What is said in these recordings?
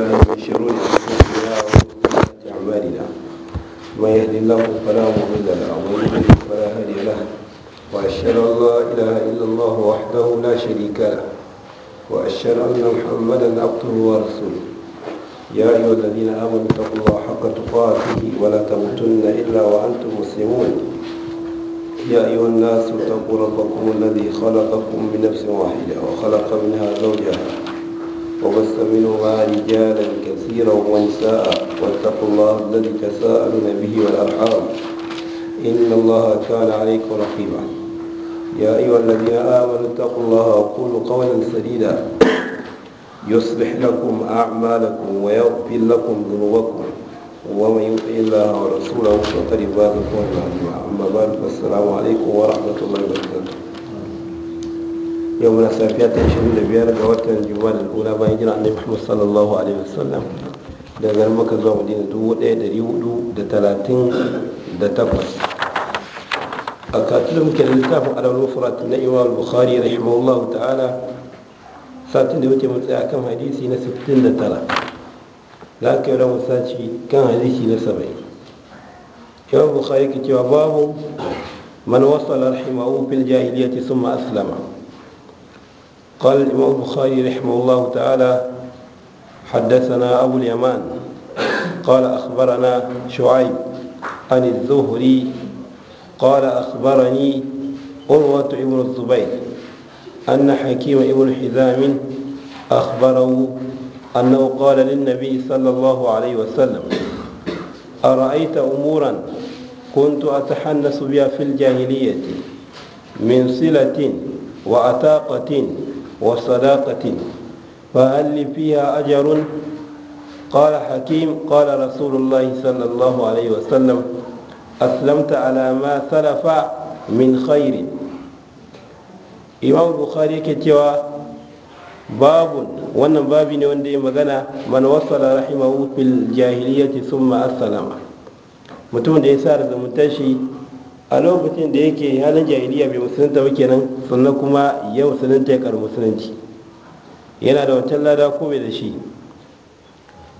الله من شرور أنفسنا وسيئات أعمالنا من يهد الله فلا مضل له ومن يضلل فلا هادي له وأشهد أن لا إله إلا الله وحده لا شريك له وأشهد أن محمدا عبده ورسوله يا أيها الذين آمنوا اتقوا الله حق تقاته ولا تموتن إلا وأنتم مسلمون يا أيها الناس اتقوا ربكم الذي خلقكم من نفس واحدة وخلق منها زوجها وبث منهما رجالا كثيرا ونساء واتقوا الله الذي تساءلون به والأرحام إن الله كان عليكم رحيما يا أيها الذين آمنوا اتقوا الله وقولوا قولا سديدا يصلح لكم أعمالكم ويغفر لكم ذنوبكم ومن يطع الله ورسوله فقد فاز فوزا عظيما أما بعد فالسلام عليكم ورحمة الله وبركاته yau muna safiya ta da biyar ga watan juma'a da ula bayan gina annabi muhammad sallallahu alaihi wasallam daga garin maka zuwa madina da a hudu da muke da littafin alawar furat na imam bukhari rahimahullahu ta'ala satin da wuce mun tsaya kan hadisi na 69 za ka yi ran sace kan hadisi na 70 imam bukhari ke cewa babu man wasala rahimahu fil jahiliyyati summa aslama قال الإمام البخاري رحمه الله تعالى حدثنا أبو اليمان قال أخبرنا شعيب عن الزهري قال أخبرني عروة بن الزبير أن حكيم بن حزام أخبره أنه قال للنبي صلى الله عليه وسلم أرأيت أمورا كنت أتحنس بها في الجاهلية من صلة وأتاقة وصداقة فهل لي فيها أجر قال حكيم قال رسول الله صلى الله عليه وسلم أسلمت على ما سلف من خير imam bukhari yake cewa babun wannan babi ne wanda ya magana man wasala rahimahu fil jahiliyyati summa assalama mutum da ya sa da zumuntar a lokacin da yake halin jahiliya bai musulunta ba kenan sannan kuma ya musulunta ya karu musulunci yana da wancan lada ko da shi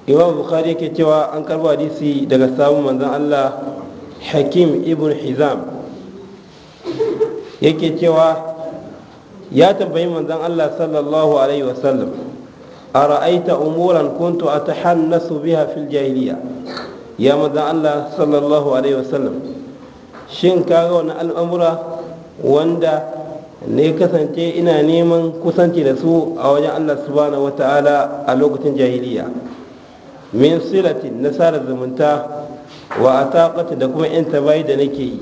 imam bukhari yake cewa an karbo hadisi daga samun manzan allah hakim ibn hizam yake cewa ya tambayi manzan allah sallallahu alaihi wasallam a ra'aita umuran kuntu a ta hannasu biha fil jahiliya ya manzon allah sallallahu alaihi wasallam shin ka ga wani al'amura wanda ne kasance ina neman kusanci da su a wajen allah subhanahu wata'ala a lokacin jahiliya min silati na sada zumunta wa ataqatin da kuma yan tabayi da nake yi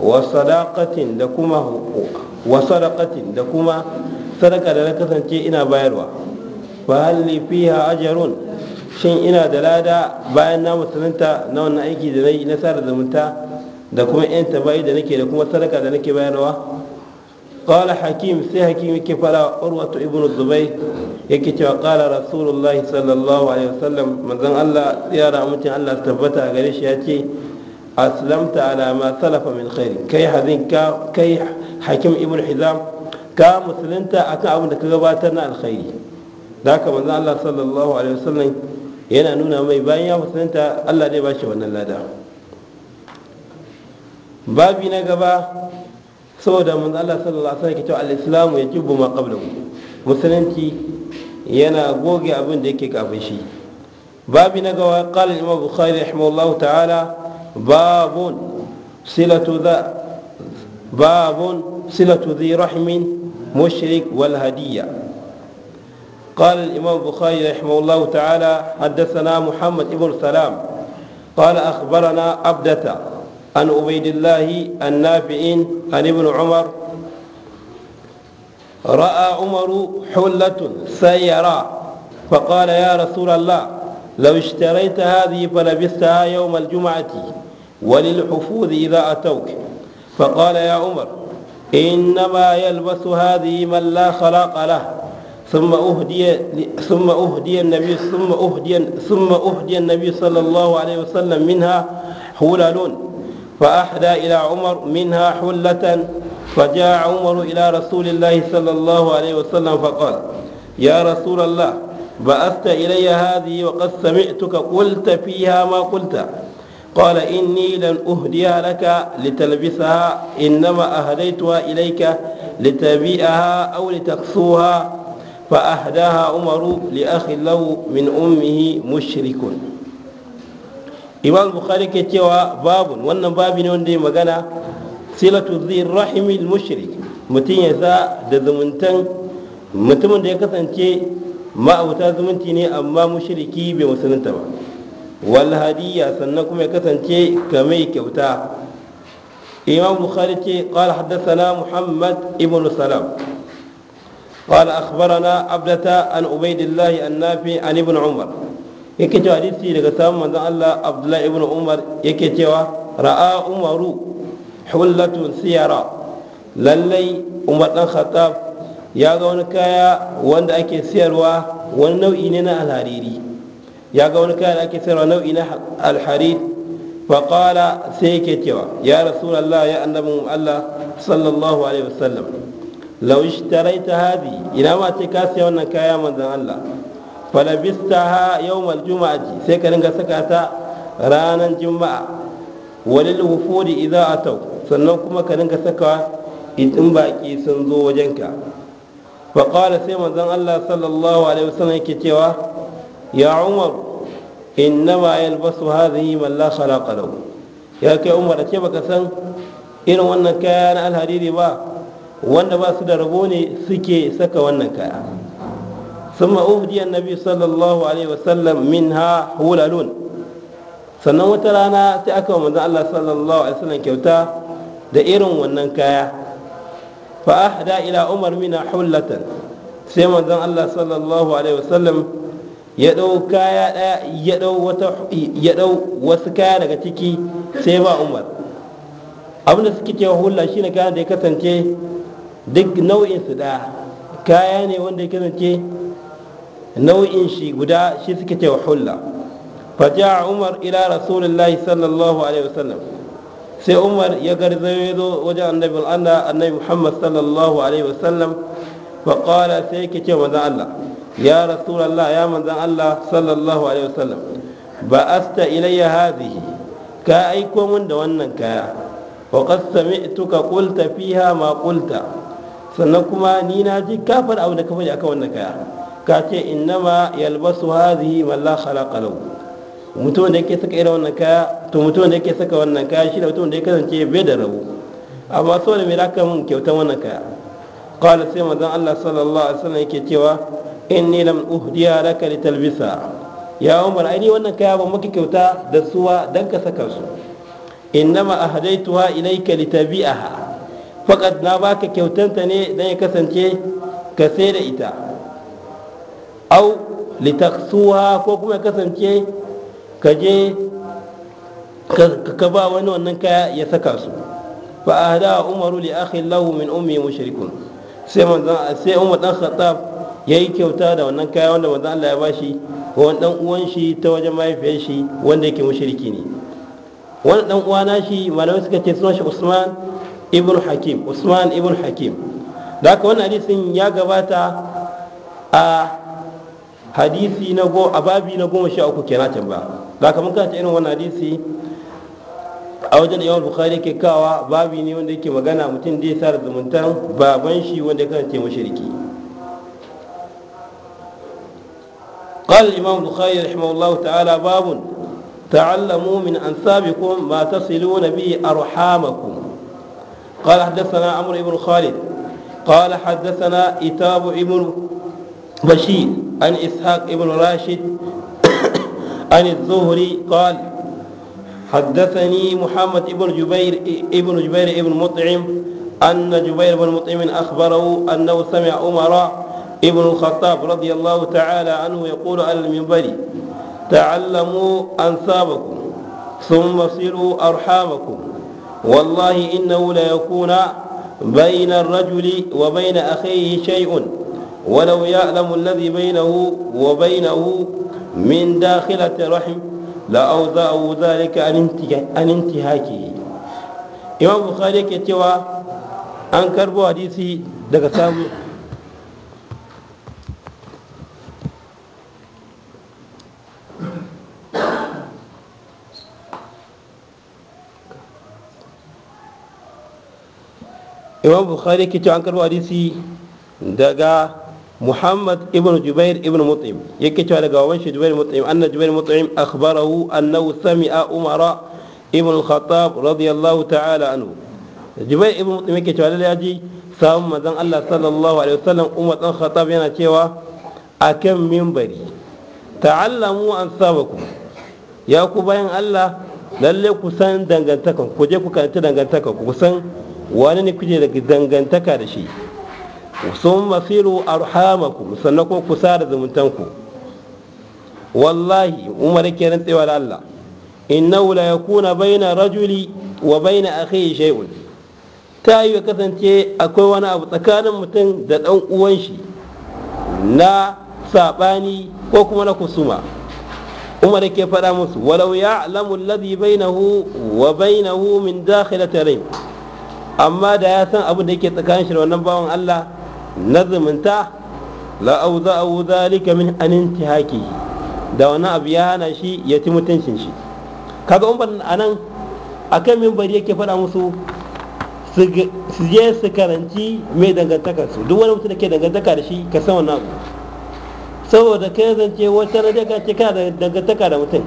wa sadaqatin da kuma sadaka da na kasance ina bayarwa fa halli fiha ajrun shin ina da lada bayan na musulunta na wannan aiki da nayi na sada zumunta da kuma yan tabayi da nake da kuma sadaka da nake bayarwa qala hakim sai hakim yake fara urwatu ibnu zubayr yake cewa qala rasulullahi sallallahu alaihi wasallam manzon Allah tsiyara amincin Allah tabbata a gare shi yace aslamta ala ma salafa min khairi kai hadin ka kai hakim ibnu hizam ka musulunta akan abun da ka gabatar na alkhairi da haka manzon Allah sallallahu alaihi wasallam yana nuna mai bayan ya musulunta Allah zai bashi wannan lada babi na gaba saboda mun Allah sallallahu alaihi wasallam cewa al-islamu yajibu ma qablu musulunci yana goge abin da yake kafin shi babi na gaba qala imam bukhari rahimahullah ta'ala babun silatu da babun silatu dhi rahmin mushrik wal hadiya قال الإمام البخاري رحمه الله تعالى حدثنا محمد بن سلام قال أخبرنا عبدة عن عبيد الله النافع عن ابن عمر رأى عمر حلة سيرا فقال يا رسول الله لو اشتريت هذه فلبستها يوم الجمعة وللحفوظ إذا أتوك فقال يا عمر إنما يلبس هذه من لا خلاق له ثم أهدي ثم أهدي النبي ثم أهدي ثم أهدي النبي صلى الله عليه وسلم منها حلل فأحدى إلى عمر منها حلة فجاء عمر إلى رسول الله صلى الله عليه وسلم فقال يا رسول الله بعثت إلي هذه وقد سمعتك قلت فيها ما قلت قال إني لن أهديها لك لتلبسها إنما أهديتها إليك لتبيئها أو لتقصوها فأهداها عمر لأخ له من أمه مشرك imam bukhari ke cewa babun wannan babi ne wanda ya magana silatu zai rahimil mushrik mutum ya za da zumuntan mutumin da ya kasance ma'abuta zumunci ne amma mushriki bai musulunta ba wal hadiyya sannan kuma ya kasance mai kyauta imam bukhari ce qala haddathana muhammad ibn salam qala akhbarana abdata an عبيد an nafi an ibn umar. yake cewa hadisi daga samun manzon Allah Abdullah ibn Umar yake cewa ra'a Umaru hullatun siyara lallai Umar dan Khattab ya ga wani kaya wanda ake siyarwa wani nau'i ne na alhariri ya ga wani kaya da ake siyarwa nau'i na alharir faƙala sai yake cewa ya rasulallah ya annabin Allah sallallahu alaihi wasallam lau ishtaraita hadi ina ma ce ka siya wannan kaya manzon Allah falabistaha yawmal juma'ati sai ka ringa saka ta ranar juma'a walil wufudi idza atau sannan kuma ka ringa saka idin baki sun zo wajenka fa qala sai manzon Allah sallallahu alaihi wasallam yake cewa ya umar innama yalbasu hadhihi man la khalaqa lahu ya kai umar ce baka san irin wannan kaya na alhariri ba wanda ba su da rabo ne suke saka wannan kaya ثم أهدي النبي صلى الله عليه وسلم منها هولالون sannan wata rana ta aka wa manzan Allah sallallahu alaihi wasallam kyauta da irin wannan kaya fa ahda ila umar mina hullatan sai manzan Allah sallallahu alaihi wasallam ya dau kaya daya ya dau wata ya dau wasu kaya daga ciki sai ba umar abinda suke cewa hulla shine kaya da ya kasance duk nau'in su daya kaya ne wanda ya kasance nau'in shi guda shi suke cewa hulla faja umar ila rasulullahi sallallahu alaihi wasallam sai umar ya garzayo ya zo wajen annabi Allah annabi Muhammad sallallahu alaihi wasallam fa qala sai yake cewa manzon Allah ya rasulullah ya manzon Allah sallallahu alaihi wasallam ba asta ilayya hadhihi ka aiko mun da wannan kaya wa qad sami'tuka qulta fiha ma qulta sannan kuma ni na ji kafar abu da kafar akan wannan kaya ka ce innama yalbasu hadhihi man la khalaqa lahu mutum da yake saka irin wannan kaya to mutum da yake saka wannan kaya shi da mutum da ya kasance bai da rabu amma saboda mai raka mun kyauta wannan kaya qala sai mazan Allah sallallahu alaihi wasallam yake cewa in inni lam uhdiya laka talbisa ya umar ai wannan kaya ban maka kyauta da suwa dan ka saka su innama ahdaituha ilayka litabi'aha faqad na baka kyautanta ne dan ya kasance ka sai da ita au litaksuwa ko kuma kasance ka je ka ba wani wannan kaya ya saka su fa ahda umaru li akhi lahu min ummi mushrikun sai manzon sai umar dan khattab yayi kyauta da wannan kaya wanda manzon Allah ya bashi ko wani dan uwan shi ta wajen mahaifiyar shi wanda yake mushriki ne wani dan uwa na shi malamai suka ce sunan shi Usman ibn Hakim Usman ibn Hakim da haka wannan hadisin ya gabata a hadisi na go a babi na goma sha uku kenan can ba ga kamar ka ta irin wannan hadisi a wajen imam bukhari ke kawa babi ne wanda yake magana mutum da ya sa zumuntan baban shi wanda ya kasance mashirki قال الإمام البخاري رحمه الله تعالى باب تعلموا من أنسابكم ما تصلون به أرحامكم قال حدثنا عمرو بن خالد قال حدثنا إتاب بن بشير عن إسحاق بن راشد عن الزهري قال حدثني محمد بن جبير ابن جبير ابن مطعم أن جبير بن مطعم أخبره أنه سمع عمر ابن الخطاب رضي الله تعالى عنه يقول على المنبر تعلموا أنسابكم ثم صلوا أرحامكم والله إنه ليكون بين الرجل وبين أخيه شيء ولو يعلم الذي بينه وبينه من داخلة رحم أوضاء ذلك أن انتهاكه إمام بخاري كتوى أن كربو حديثي daga samu imam bukhari ke an karbo hadisi daga محمد ابن جبير ابن مطعم يكي تعالى قوانش جبير مطعم أن جبير مطعم أخبره أنه سمع أمر ابن الخطاب رضي الله تعالى عنه جبير ابن مطعم يكي تعالى لأجي سام مدن الله صلى الله عليه وسلم أمة الخطاب ينا تيوا أكم من بري تعلموا أن سابكم يا كوباين الله lalle ku san dangantakan ku je ku karanta dangantakan ku san wani ne kuje da dangantaka da shi sun masiru arhamakum sannan kuma ku da zumuntanku wallahi umar ke rantsewa tsewar Allah wula ya yakuna baina rajuli wa baina akhihi shay'un ta yi kasance akwai wani abu tsakanin mutum da dan uwan shi na sabani ko kuma na kusuma umar ke faɗa musu walau ya'lamu alladhi bainahu wa bainahu min dakhilatarayn amma da ya san abin da yake tsakanin shi da wannan bawan Allah na zumunta la'auza a rika min an haƙi, da wani abu ya hana shi ya ci mutuncin shi kaga umar a nan a kan mimbari yake faɗa musu su je su karanci mai dangantakar su duk wani mutum da ke dangantaka da shi ka san wannan abu saboda kai zance wata rana ka ce kana da dangantaka da mutum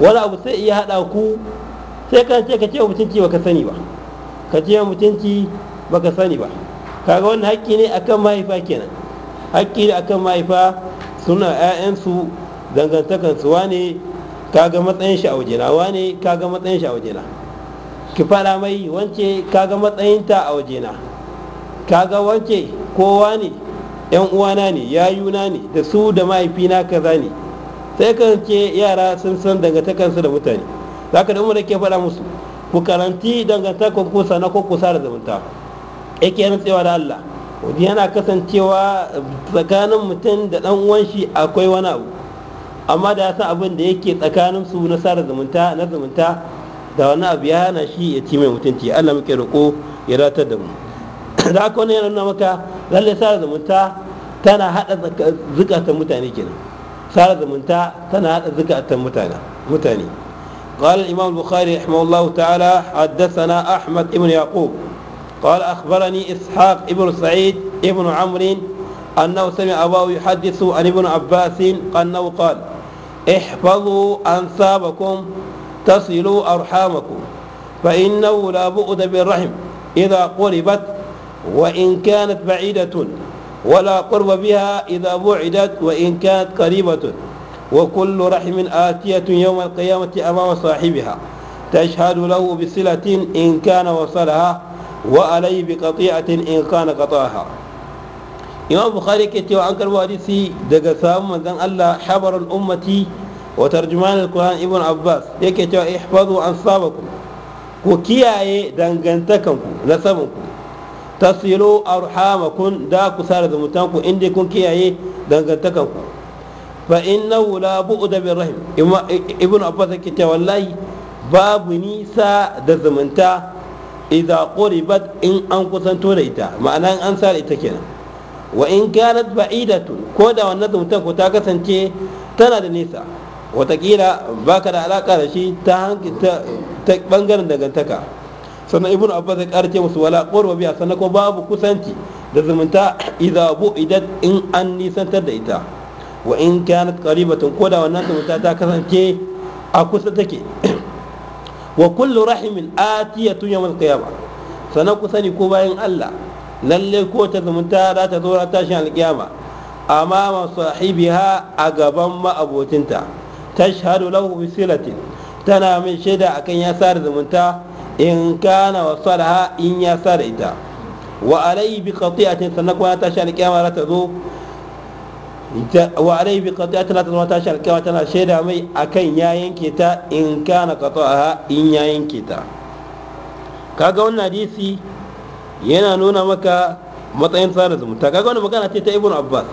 wani abu sai iya haɗa ku sai ka ce ka ce mutunci baka sani ba ka ce mutunci baka sani ba kaga wani haƙƙi ne akan mahaifa kenan haƙƙi ne akan mahaifa suna 'ya'yansu dangantakansu wane kaga matsayin shi a wajena wane kaga matsayin shi a wajena ki fara mai wance kaga matsayin ta a wajena kaga wance kowa ne yan uwana ne yayuna ne da su da mahaifina kaza ne sai kan ce yara sun san dangantakansu da mutane zaka da umar ke faɗa musu ku karanti dangantakar ku sana ko ku sada zumunta yake cewa da Allah yana kasancewa tsakanin mutum da dan uwan shi akwai wani abu amma da ya san abin da yake tsakanin su na sara zumunta na zumunta da wani abu ya hana shi ya ci mai mutunci Allah muke roƙo ya ratar da mu da haka wani yana nuna maka lalle sara zumunta tana hada zukatan mutane kenan sara zumunta tana hada zukatan mutane mutane قال الإمام البخاري رحمه الله تعالى حدثنا أحمد بن يعقوب قال أخبرني إسحاق ابن سعيد ابن عمرو أنه سمع أباه يحدث عن ابن عباس أنه قال احفظوا أنسابكم تصلوا أرحامكم فإنه لا بؤد بالرحم إذا قربت وإن كانت بعيدة ولا قرب بها إذا بعدت وإن كانت قريبة وكل رحم آتية يوم القيامة أمام صاحبها تشهد له بصلة إن كان وصلها wa alayhi bi qati'atin in kana qata'aha imam bukhari ke cewa an karbo hadisi daga samun manzon Allah al ummati wa tarjuman al-quran ibn abbas yake cewa ihfazu sabakum ku kiyaye dangantakanku na tasilu arhamakum da ku sare zumuntanku inda kun kiyaye dangantakanku fa inna la bu'da bir rahim ibn abbas yake cewa wallahi babu nisa da zumunta idza quribat in an kusanto da ita ma'ana in an sare ita kenan wa in kanat ba'idatu ko da wannan zumuntar ko ta kasance tana da nesa watakila baka da alaka da shi ta ta bangaren dangantaka sannan ibnu abbas ya karce musu wala qurba biya sannan ko babu kusanci da zumunta idza bu'idat in an nisantar da ita wa in kanat qaribatun ko da wannan zumunta ta kasance a kusa take wa kullu rahimin atiyatun yawmal qiyama sannan ku sani ko bayan Allah lalle ko ta zumunta za ta zo tashin alkiyama amama sahibiha a gaban ma'abocinta tashhadu lahu bisilatin tana min shaida akan ya da zumunta in kana wasalaha in ya da ita wa alayhi bi qati'atin sannan kuma tashin alkiyama za ta zo wa alai bi qati'ati ta tazma ta sharqiya tana shaida mai akan ya yanke ta in kana qata'aha in ya yanke ta kaga wannan hadisi yana nuna maka matsayin tsara zumunta kaga wannan magana ce ta ibnu abbas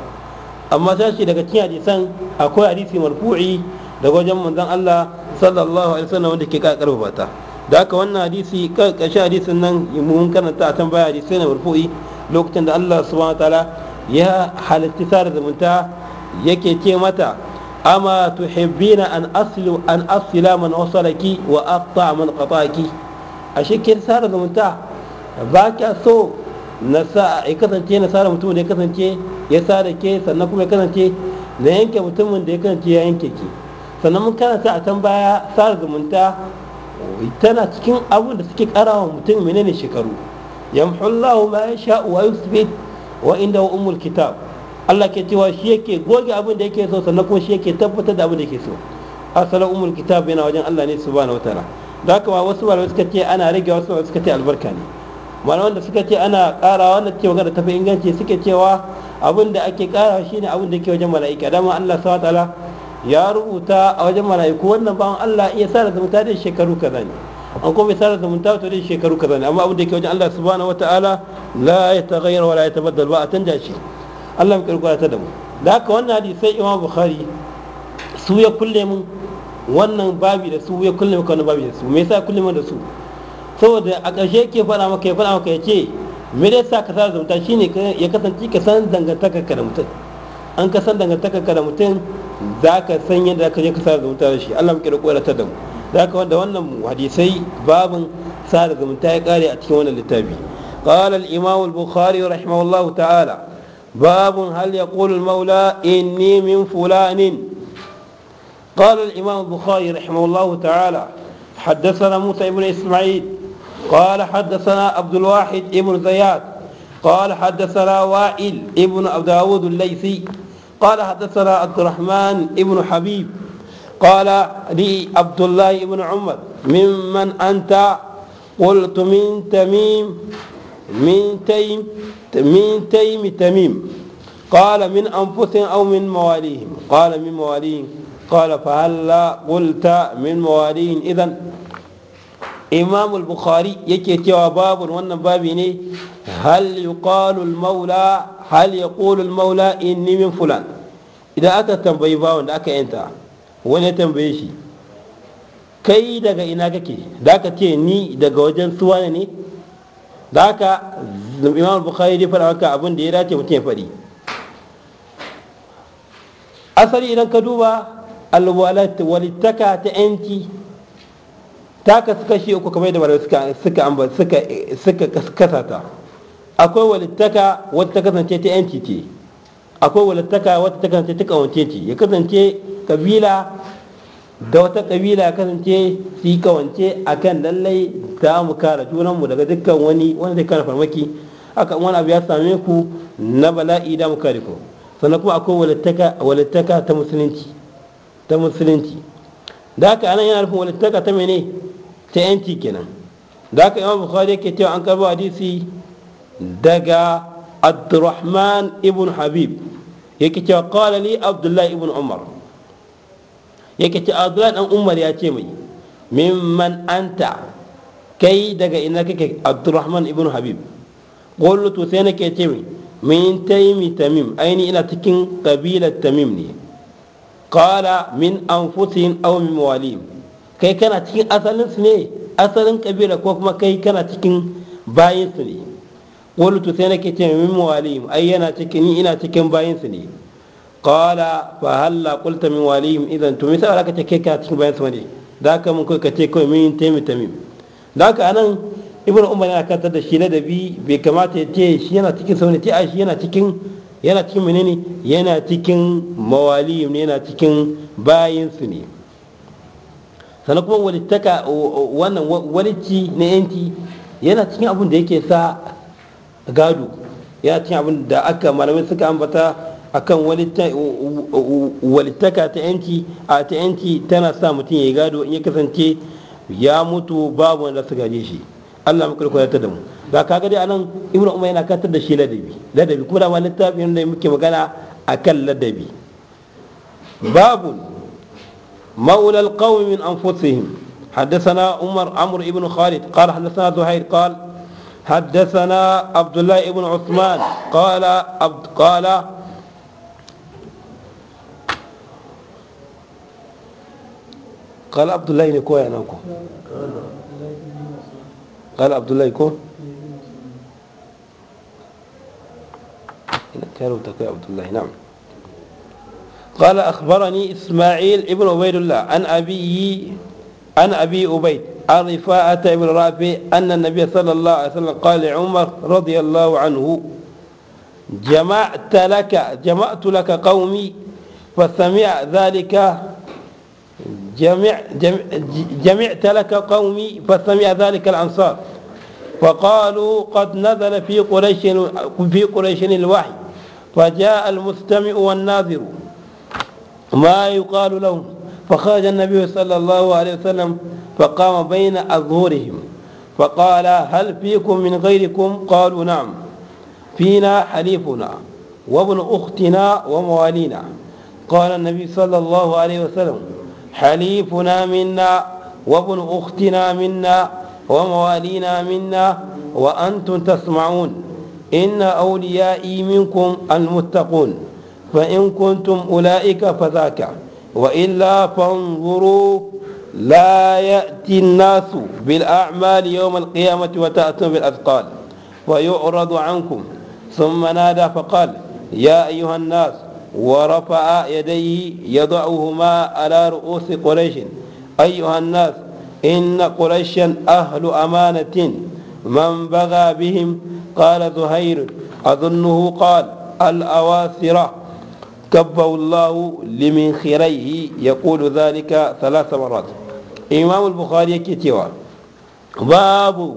amma sai daga cikin hadisan akwai hadisi marfu'i daga wajen manzon Allah sallallahu alaihi wasallam wanda ke karfafa ta da haka wannan hadisi karkashin hadisin nan mun karanta a tambaya hadisi ne marfu'i lokacin da Allah subhanahu wataala ya tare sada zumunta yake ce mata ama tuhibbina an aslu an asila man wasalaki wa aqta man qataki a kin sada zumunta ba ka so na sa ya kasance na sada mutumin da ya kasance ya sada ke sannan kuma ya kasance na yanke mutumin da ya kasance ya yanke ki sannan mun sa a tambaya baya sada zumunta tana cikin abin da suke karawa mutum menene shekaru yamhullahu ma yasha wa yusbit wa inda wa ummul kitab Allah ke cewa shi yake goge abin da yake so sannan kuma shi yake tabbatar da abin da yake so asalin ummul kitab yana wajen Allah ne subhanahu wataala da haka wasu malamai suka ce ana rage wasu malamai suka ce albarka ne malaman da suka ce ana ƙara wanda ce magana tafi inganci suke cewa abin da ake ƙara shine abin da yake wajen mala'ika dama Allah subhanahu wataala ya rubuta a wajen mala'iku wannan bawan Allah iya sa da mutane shekaru kaza ne an kuma misalar zumunta tafi tare shekaru kaza ne amma abin da yake wajen Allah subhanahu wataala la yataghayyar wala ya tabaddal ba a canja shi Allah mu kirkura ta da mu da haka wannan sai Imam Bukhari su ya kulle mun wannan babi da su ya kulle mun wannan babi da su me yasa kulle mun da su saboda a ƙarshe yake faɗa maka ya faɗa maka ya ce me da yasa ka sa zumunta shine ya kasance ka san dangantakarka da mutum an ka san dangantakarka da mutum za ka san yadda ka je ka sa zumunta da shi Allah mu kirkura ta da mu da haka wanda wannan hadisai babin sada zumunta ya kare a cikin wannan littafi قال الإمام البخاري رحمه الله تعالى باب هل يقول المولى إني من فلان قال الإمام البخاري رحمه الله تعالى حدثنا موسى بن إسماعيل قال حدثنا عبد الواحد بن زياد قال حدثنا وائل بن أبو داود الليثي قال حدثنا عبد الرحمن بن حبيب قال لي عبد الله بن عمر ممن أنت قلت من تميم من تيم من تيم تميم قال من أنفسهم أو من مواليهم قال من مواليهم قال فهلا قلت من مواليهم إذا إمام البخاري يكي تيوى باب وانا بابيني هل يقال المولى هل يقول المولى إني من فلان إذا أتى تنبيبا وانا أكا أنت wani ya tambaye shi kai daga ina kake da ka ce ni daga wajen suwa ne da haka imam bukhari dai fara maka abin da ya dace mutum ya faɗi asali idan ka duba alwalittaka ta yanci ta suka shi uku kamar da malamai suka suka suka kasata akwai walittaka wata ta kasance ta yanci ce akwai walittaka wata ta kasance ta kawance ce ya kasance kabila da wata kabila kasance su yi kawance a kan lallai ta mu kare junanmu daga dukkan wani wanda zai kare farmaki aka wani abu ya same ku na bala'i da mu kare ku sannan kuma akwai walittaka ta musulunci ta musulunci da haka anan yana nufin walittaka ta mene ta yanci kenan da haka imam bukhari yake cewa an karbo hadisi daga abdurrahman ibn habib yake cewa qala li abdullahi ibn umar yake ce abdullahi dan umar ya ce mai mimman anta kai daga ina kake abdurrahman ibn habib to sai nake ce mai min mi tamim aini ina cikin kabilar tamim ne qala min anfusihim aw min walihim kai kana cikin asalin su ne asalin kabila ko kuma kai kana cikin bayin su ne to sai nake ce min walihim ai yana cikin ina cikin bayin su ne qala fa halla qulta min walihim idan to me sai alaka kai ka cikin bayan sama ne da ka mun kai ka ce kai min taimi tamim da haka anan ibnu umar yana kantar da shi ladabi bai kamata ya ce shi yana cikin sama ne ai shi yana cikin yana cikin menene yana cikin mawalihim ne yana cikin bayin su ne sannan kuma walittaka wannan walici na yanci yana cikin abin da yake sa gado yana cikin abin da aka malamai suka ambata akan walittaka ta yanci a ta yanci tana sa mutum ya yi gado in ya kasance ya mutu babu wanda su gaje shi Allah muka kula ta da mu ga kaga dai anan Ibn Umar yana katar da shi ladabi ladabi kuma da wani littafin da muke magana akan ladabi babu ma'ulal القوم من أنفسهم حدثنا Umar, khalid بن Khalid, قال حدثنا زهير قال حدثنا عبد الله بن عثمان قال قال قال عبد الله ne ko yana ko قال عبد الله ko ina karo ta kai عبد الله نعم قال أخبرني إسماعيل ابن عبيد الله عن أبي عن أبي أبيد عن رفاعة بن رافع أن النبي صلى الله عليه وسلم قال لعمر رضي الله عنه جمعت لك جمعت لك قومي فسمع ذلك جمع جمع جمعت لك قومي فسمع ذلك الأنصار فقالوا قد نزل في قريش في قريش الوحي فجاء المستمع والناظر ما يقال لهم فخرج النبي صلى الله عليه وسلم فقام بين أظهرهم فقال هل فيكم من غيركم قالوا نعم فينا حليفنا وابن أختنا وموالينا قال النبي صلى الله عليه وسلم حليفنا منا وابن أختنا منا وموالينا منا وأنتم تسمعون إن أوليائي منكم المتقون فإن كنتم أولئك فذاك وإلا فانظروا لا يأتي الناس بالأعمال يوم القيامة وتأتون بالأثقال ويعرض عنكم ثم نادى فقال يا أيها الناس ورفع يديه يضعهما على رؤوس قريش أيها الناس إن قريشا أهل أمانة من بغى بهم قال زهير أظنه قال الأواسرة كبه الله لمن خيريه يقول ذلك ثلاث مرات إمام البخاري كتوى باب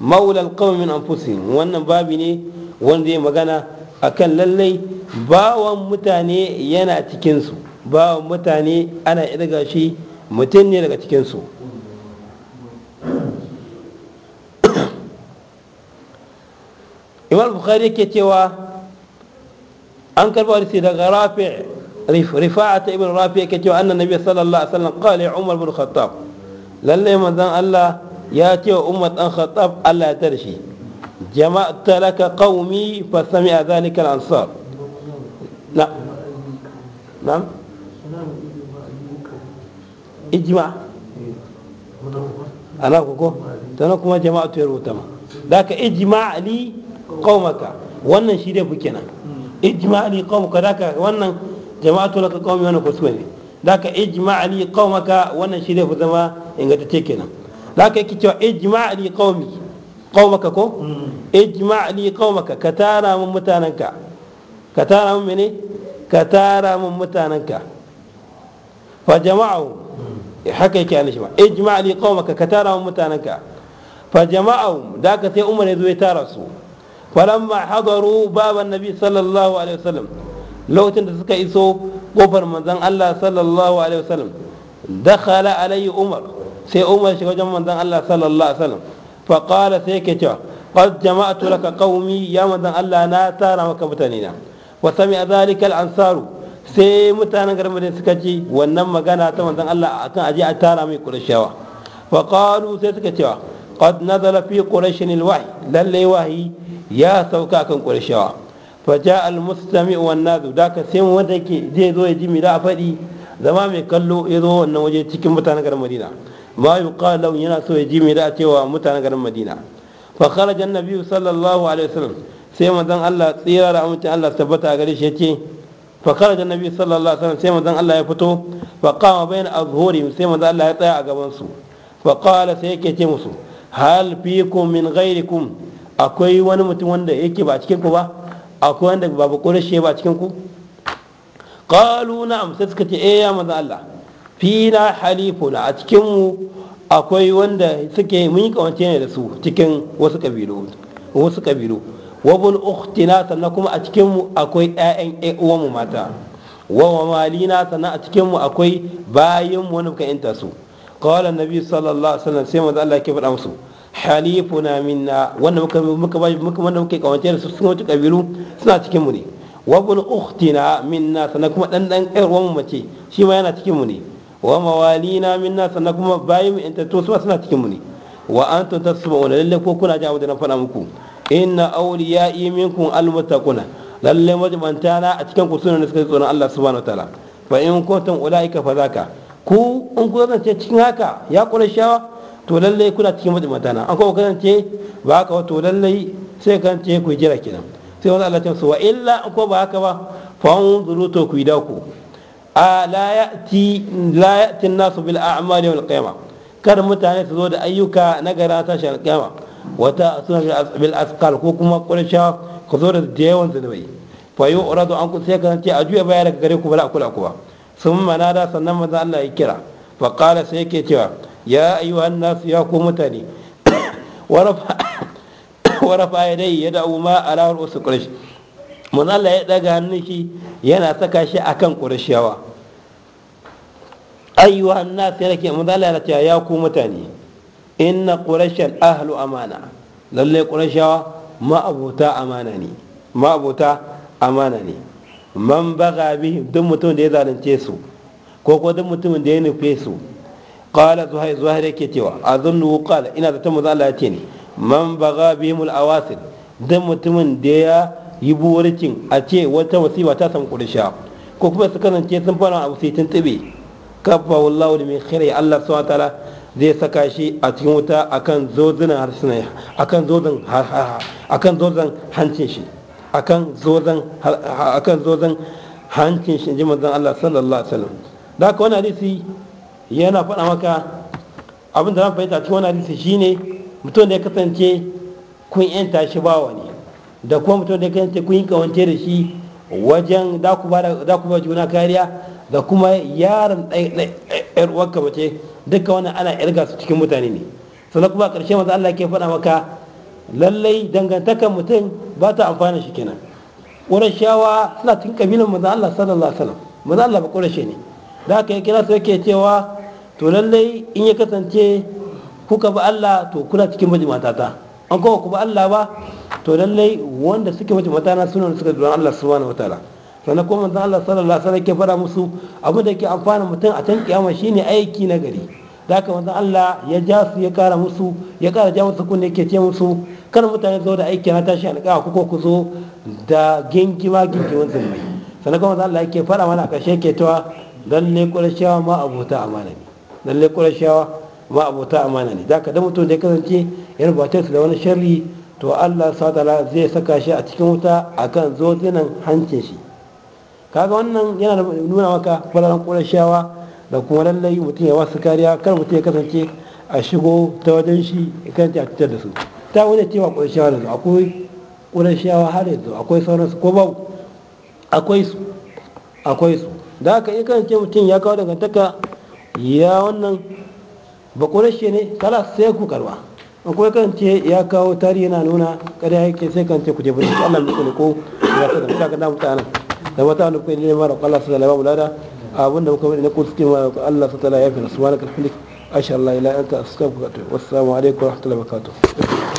مولى القوم من أنفسهم وأن بابني وأن ذي مغانا أكن للي bawan mutane yana cikinsu bawan mutane ana irga shi mutum ne daga cikinsu imar bukari yake cewa an karba hadisi daga rafi ta ibn rafi yake cewa annan nabi sallallahu alaihi wasallam qala umar bin khattab lalle manzon Allah ya ce wa umar dan khattab Allah ya tarshi Jama'a talaka qaumi fa sami'a dhalika al-ansar لا na ijma ana ذاك ma قومك ka qaumaka wannan shi dai buke nan ijma li qaumaka wannan jama'atu laka qaumi wannan kuskure ne qaumaka wannan shi dai fi zama ingantacce kenan qaumaka ko mm. mun mutananka ka tara mun mene ka tara mun mutanenka fa jama'u haka yake an shi ba ijma' li qaumaka ka tara mun mutanenka fa jama'u da ka sai umar yazo ya tara su lamma hadaru baban annabi sallallahu alaihi wasallam lokacin da suka iso kofar manzon Allah sallallahu alaihi wasallam dakhala alayhi umar sai umar shiga wajen manzon Allah sallallahu alaihi wasallam fa qala sai yake cewa qad jama'tu laka qaumi ya manzon Allah na tara maka mutanena wa a zalika ansaru sai mutanen garin suka ji wannan magana ta manzon Allah akan aje a tara mai qurayshawa fa qalu sai suka cewa qad nazala fi quraish al lalle wahyi ya sauka kan qurayshawa fa ja'a al-mustami' wan nazu daka sai wanda yake zai zo ya ji mi da faɗi zama mai kallo ya zo wannan waje cikin mutanen garin madina ma yuqalu yana so ya ji mi da cewa mutanen garin madina fa kharaja an-nabi sallallahu alaihi wasallam sai manzon Allah tsira da amincin Allah tabbata gare shi yace fa kharaja nabi sallallahu alaihi wasallam sai manzon Allah ya fito fa qama bayna azhuri sai manzon Allah ya tsaya a gaban su fa qala sai yake ce musu hal fikum min ghairikum akwai wani mutum wanda yake ba cikin ku ba akwai wanda ba ba kore ba cikin ku qalu na'am sai suka ce eh ya manzon Allah fina halifuna a cikin mu akwai wanda suke mun yi kawance ne da su cikin wasu kabilu wasu kabilu wabul ukhtina sannan kuma a cikin mu akwai ƴaƴan uwanmu mata wa malina sannan a cikin mu akwai bayin mu wanda muka yanta su qala nabi sallallahu alaihi wasallam sai manzo Allah ke faɗa musu halifuna minna wanda muka muka muka wanda muke kawance da su sun wuce kabilu suna cikin mu ne wabul ukhtina minna sannan kuma dan dan ƴar uwanmu mace shi ma yana cikin mu ne wa mawalina minna sannan kuma bayin mu yanta to suna cikin mu ne wa antum tasbuuna lalle ko kuna jawo da na faɗa muku inna auliya minkum almuttaquna lalle majmanta na a cikin ku sunan suka tsoron Allah subhanahu wataala fa in kuntum ulaika fa zaka ku in ku zance cikin haka ya shawa? to lalle kuna cikin majmanta na an ka kasance ba ka to lalle sai kasance ku jira kidan sai wannan Allah ya ce wa illa ko ba haka ba fa unzuru to ku da ku a la ya'ti la ya'ti an-nasu bil a'mali wal qiyamah kar mutane su zo da ayyuka na gara tashin qiyamah wata suna bil askal ko kuma quraysha ku zo da yawan zunubai fa an ku sai ka a juya baya daga gare ku bala akula kuwa sun mana da sannan manzo Allah ya kira fa kala sai yake cewa ya ayyuhan nas ya ku mutane wa rafa yadai ya dawo ma ala ru'us quraish manzo Allah ya daga hannun shi yana saka shi akan qurayshawa ayyuhan nas ya ke manzo Allah ya ce ya ku mutane inna qurashan ahlu amana lalle ƙurashawa ma'abota amana ne ma'abota amana ne man baga bihim duk mutum da ya zalunce su ko ko duk mutumin da ya nufe su qala zuhair zuhair yake cewa azunnu qala ina da tamu zalla ya ne man baga bihim al-awasil duk mutumin da ya yi buwarcin a ce wata wasiba ta samu ƙurasha ko kuma su kasance sun fara abu sai tun tsibe kafa wallahu min khairi Allah subhanahu wa ta'ala zai saka shi a cikin wuta akan zozunan harsunan akan zozan akan hancin shi akan zozan akan hancin shi jimin zan Allah sallallahu alaihi wasallam da haka wani hadisi yana faɗa maka abin da zan fahimta cikin wani hadisi shine mutum da ya kasance kun yanta shi bawa ne da kuma mutum da ya kasance kun yi kawance da shi wajen da ku ba juna kariya da kuma yaron ɗan uwarka mace duka wannan ana irga su cikin mutane ne sannan kuma ƙarshe maza Allah ke faɗa maka lallai dangantakan mutum ba ta amfana shi kenan shawa suna cikin ƙabilan maza Allah sallallahu alaihi wasallam maza Allah ba ƙurashe ne da aka yi kira su yake cewa to lallai in ya kasance kuka ba Allah to kuna cikin ta. an kuma ku ba Allah ba to lallai wanda suke majimatana suna suka duran Allah subhanahu wataala sannan kuma manzon Allah sallallahu alaihi wasallam ke fara musu abin da ke amfana mutum a can kiyama shine aiki na gari da haka manzon Allah ya ja su ya kara musu ya kara ja musu kunne yake ce musu kar mutane zo da aiki na tashi ku ko ku zo da gingima gingimin zulmai sannan kuma manzon Allah yake fara mana a ƙarshe ke cewa lalle ƙurashawa ma abota amana ne lalle ƙurashawa ma abota amana ne da haka da mutum da ya kasance ya rubuta su da wani sharri to Allah sa zai saka shi a cikin wuta akan zozinan hancin shi kaga wannan yana nuna maka fararen ƙurashawa da kuma lallai mutum ya wasu kariya kar mutum ya kasance a shigo ta wajen shi kan a cutar da su ta wani cewa ƙurashawa da su akwai ƙurashawa har yanzu akwai sauran su ko ba akwai su akwai su da haka iya kasance mutum ya kawo dangantaka ya wannan ba ƙurashe ne kala sai ku karba akwai kance ya kawo tarihi yana nuna ƙarya yake sai ce ku je bude Allah mu ko ya ta da mutane da wata wani kuma ne mara kwallon su da mulada abin da muka na mara ma Allah su tala ya fi rasu ma na karfi ashar la ila anta wasu wa assalamu alaikum wa rahmatullahi wa barakatuh